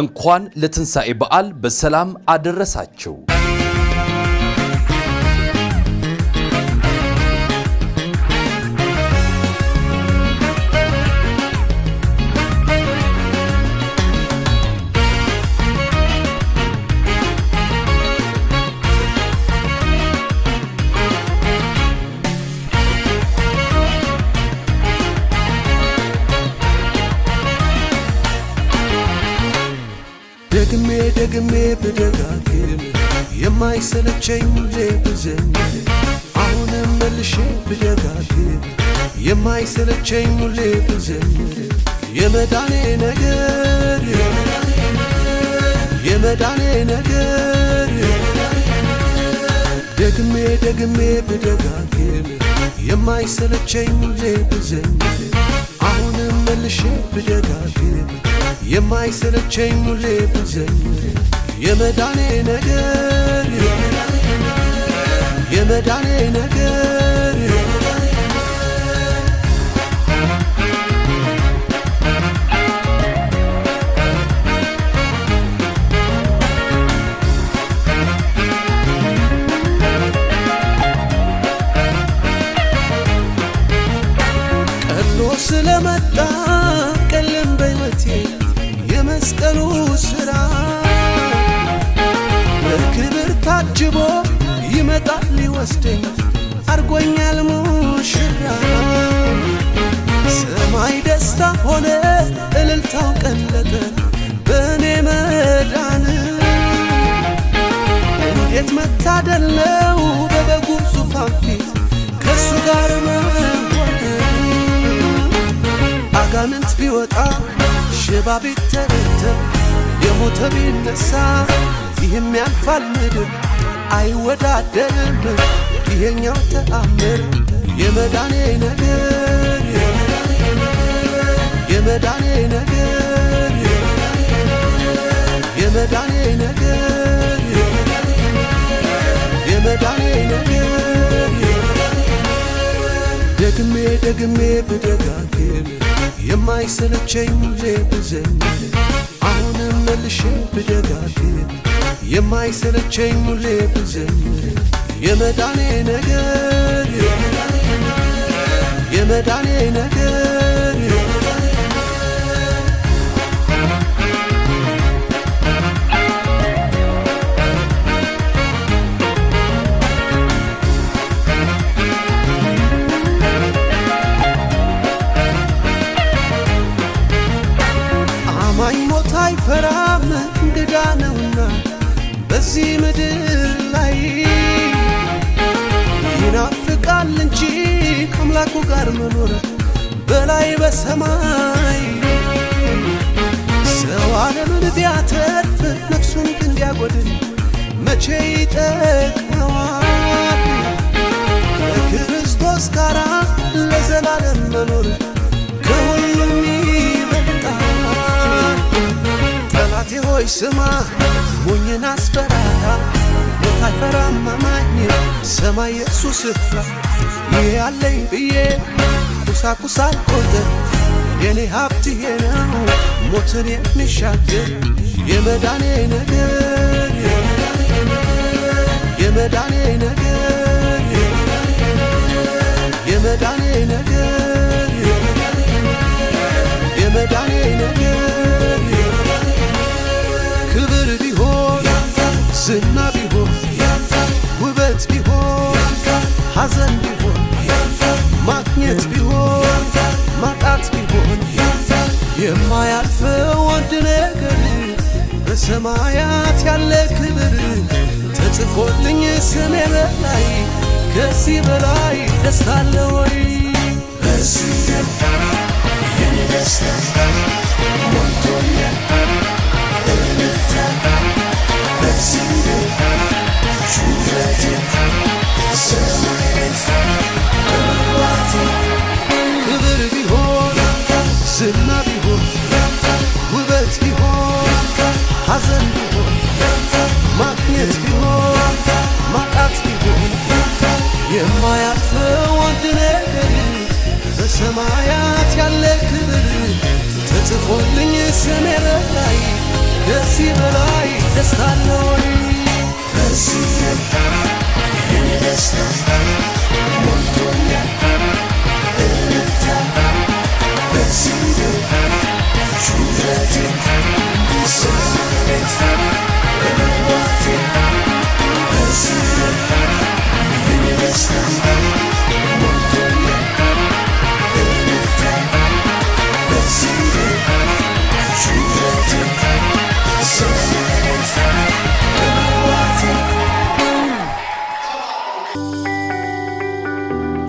እንኳን ለትንሣኤ በዓል በሰላም አደረሳቸው። ደግሜ ብደጋግም የማይሰለቸኝ ሁሌ ብዘምር አሁንም መልሼ ብደጋግም የማይሰለቸኝ ሁሌ ብዘምር የመዳኔ ነገር የመዳኔ ነገር ደግሜ ደግሜ ብደጋግም የማይሰለቸኝ ሁሌ ብዘምር አሁንም መልሼ ብደጋግም የማይሰለቸኝ ሁሌ ብዘምር የመዳኔ ነገር የመዳኔ ነገር ቀሎ ስለመጣ ቀለም በሕይወቴ የመስቀሉ አጅቦ ይመጣል ሊወስደኝ አርጎኛል ሙሽራ። ሰማይ ደስታ ሆነ፣ እልልታው ቀለጠ በእኔ መዳን። እንዴት መታደል ነው በበጉ ዙፋን ፊት ከእሱ ጋር መሆን። አጋንንት ቢወጣ ሽባ ቢተረተር የሞተ ቢነሳ ይህም ያልፋል ምድር አይወዳደርም ይሄኛው ተአምር የመዳኔ ነገር የመዳኔ ነገር የመዳኔ ነገር የመዳኔ ነገር ደግሜ ደግሜ ብደጋግም የማይሰለቸኝ ብዘምር አሁንም መልሼ ብደጋግም የማይሰለቸኝ ሁሌ ብዘምር የመዳኔ ነገር የመዳኔ ነገር ነገር መኖር በላይ በሰማይ ሰው ዓለምን ቢያተርፍ ነፍሱን ግን ቢያጎድል መቼ ይጠቅመዋል? ከክርስቶስ ጋር ለዘላለም መኖር ከሁሉም ይበልጣል። ጠላቴ ሆይ ስማ፣ ሞኝን አስፈራራ፣ ሞት አይፈራም አማኝ ሰማይ የእርሱ ስፍራ ያለኝ ብዬ ቁሳቁሳ ቆጥር የኔ ሀብት ነው ሞትን የሚሻገር የመዳኔ ነገር የመዳኔ ነገር የመዳኔ ነገር የመዳኔ ነገር ክብር ቢሆን ዝና ቢሆን ውበት ቢሆን ሐዘን ቢሆን የማያልፍ ውድ ነገር በሰማያት ያለ ክብር ተጽፎልኝ ስሜ በላይ ከዚህ በላይ ደስታ አለ ወይ? የማያልፈው አንድ ነገር በሰማያት ያለ ክብር ተጽፎልኝ ስሜ ላይ ደስ በላይ ደስታለወይ